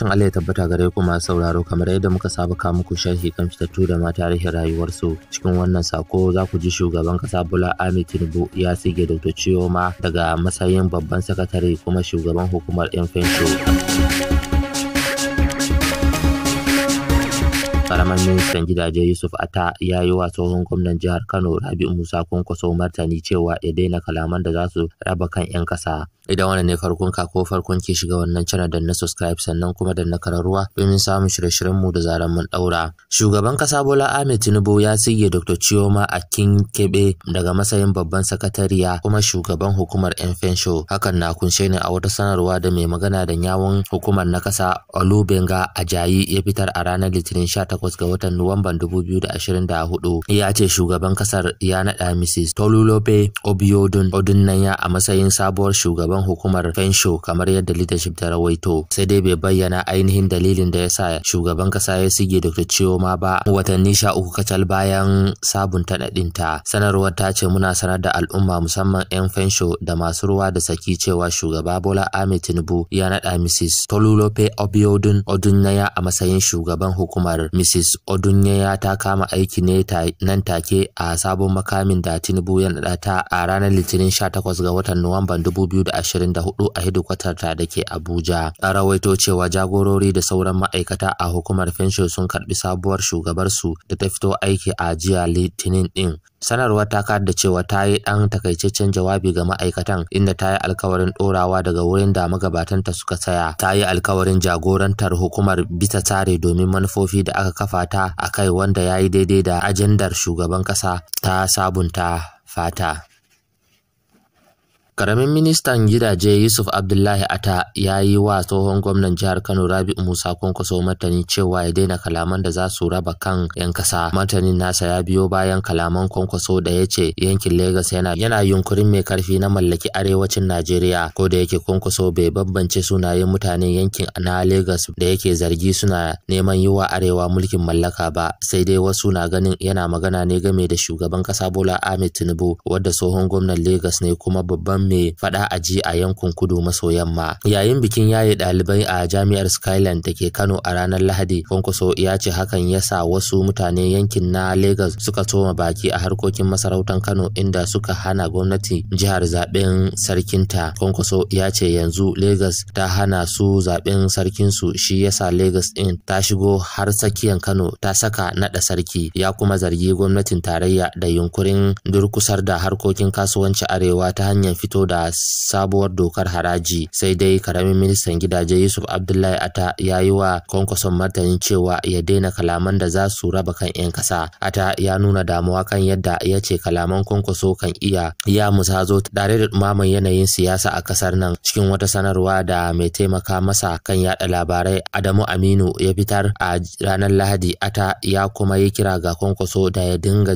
tun Allah ya tabbata gare ku masu sauraro kamar yadda muka saba ka muku sharhi kan fitattu da ma tarihin rayuwarsu. Cikin wannan sako za ku ji shugaban kasa Bola Ahmed Tinubu ya sige Dr. Chioma daga matsayin babban sakatare kuma shugaban hukumar 'yan fensho. Karamin ministan gidaje Yusuf ata ya yi wa tsohon gwamnan jihar Kano Rabi'u Musa Kwankwaso martani cewa ya daina kalaman da za su raba kan 'yan kasa Idan wani ne farkon ka ko farkon ke shiga wannan canal da na subscribe sannan kuma da na kararruwa domin samun shirye-shiryen mu da zaran mun daura. Shugaban kasa Bola Ahmed Tinubu ya sige Dr. Chioma Akin Kebe daga matsayin babban sakatariya kuma shugaban hukumar 'yan Hakan na kunshe ne a wata sanarwa da mai magana da yawon hukumar na kasa Olubenga Ajayi ya fitar a ranar Litinin ga watan Nuwamban 2024 ya ce shugaban kasar ya naɗa Mrs. Tolulope Obiodun Odunnaya a matsayin sabuwar shugaban hukumar Fensho kamar yadda leadership ta rawaito sai dai bai bayyana ainihin dalilin da ya sa shugaban kasa ya sige Dr. Chioma ba watanni sha uku kacal bayan sabunta naɗinta sanarwar ta ce muna sanar da al'umma musamman 'yan Fensho da masu ruwa da saki cewa shugaba Bola Ahmed Tinubu ya naɗa Mrs. Tolulope Obiodun Odunnaya a matsayin shugaban hukumar Mrs. Mrs. Odunyeya ta kama aiki ne nan take a sabon makamin da Tinubu ya nada ta a ranar Litinin 18 ga watan Nuwamba 2024 a hidikwatar ta dake Abuja. An rawaito cewa jagorori da sauran ma'aikata a hukumar fensho sun karɓi sabuwar shugabarsu da ta fito aiki a jiya Litinin ɗin. sanarwar ta da cewa ta yi ɗan takaicaccen jawabi ga ma'aikatan inda ta yi alkawarin ɗorawa daga wurin da magabatanta suka tsaya ta yi alkawarin jagorantar hukumar bisa tsare domin manufofi da aka kafa ta a kai wanda ya yi daidai da ajandar shugaban ƙasa ta sabunta fata Karamin ministan gidaje Yusuf Abdullahi Ata ya yi wa tsohon gwamnan jihar Kano Rabi'u Musa Kwankwaso martani cewa ya daina kalaman da za su raba kan 'yan kasa. Matanin nasa ya biyo bayan kalaman Kwankwaso da ya ce yankin Legas yana, yana yunkurin mai karfi na mallaki arewacin Najeriya ko da yake Kwankwaso bai bambance sunayen mutanen yankin na Legas da yake zargi suna neman yi wa arewa mulkin mallaka ba sai dai wasu na ganin yana magana ne game da shugaban kasa Bola Ahmed Tinubu wadda tsohon gwamnan Legas ne kuma babban mai faɗa a ji a yankun kudu maso yamma. Yayin bikin yaye dalibai a jami'ar Skyland da ke Kano a ranar Lahadi, Kwankwaso ya ce hakan ya sa wasu mutane yankin na Lagos suka toma baki a harkokin masarautar Kano inda suka hana gwamnati jihar zaben sarkinta. Kwankwaso ya ce yanzu Lagos ta hana su zaben sarkinsu shi yasa Lagos ɗin ta shigo har tsakiyar Kano ta saka nada sarki ya kuma zargi gwamnatin tarayya da yunkurin durkusar da harkokin kasuwanci arewa ta hanyar fito fito da sabuwar dokar haraji sai dai karamin ministan gidaje Yusuf Abdullahi Ata ya yi wa kwankwason martanin cewa ya daina kalaman da za su raba kan 'yan kasa. Ata ya nuna damuwa kan yadda ya ce kalaman kwankwaso kan iya ya musazo tare da dumaman yanayin siyasa a kasar nan cikin wata sanarwa da mai taimaka masa kan yada labarai Adamu Aminu ya fitar a ranar Lahadi Ata ya kuma yi kira ga kwankwaso da ya dinga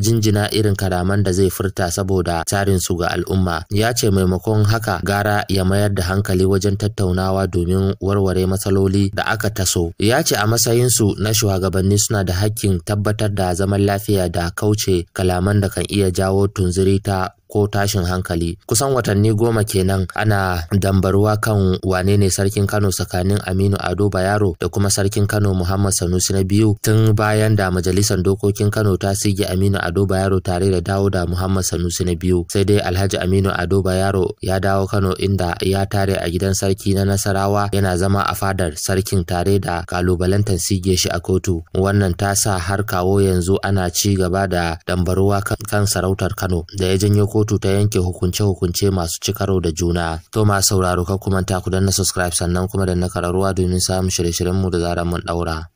jinjina irin kalaman da zai furta saboda tarin su ga al'umma ya ce maimakon haka gara ya mayar da hankali wajen tattaunawa domin warware matsaloli da aka taso ya ce a matsayinsu na shugabanni suna da hakkin tabbatar da zaman lafiya da kauce kalaman da kan iya jawo tunziri ta ko tashin hankali kusan watanni goma kenan ana dambaruwa kan wane ne sarkin Kano tsakanin Aminu Ado Bayero da kuma sarkin Kano Muhammad Sanusi na biyu tun bayan da majalisar dokokin Kano ta sige Aminu Ado Bayero tare da dawo da Muhammad Sanusi na biyu sai dai Alhaji Aminu Ado Bayero ya dawo Kano inda ya tare a gidan sarki na Nasarawa yana zama a fadar sarkin tare da kalubalantar sige shi a kotu wannan ta sa har kawo yanzu ana ci gaba da dambaruwa kan sarautar Kano da ya janyo kotu kotu ta yanke hukunce-hukunce masu ci karo da juna. To ma sauraro ka kuma ta ku danna subscribe sannan kuma danna kararuwa domin samun shirye-shiryenmu da zarar mun daura.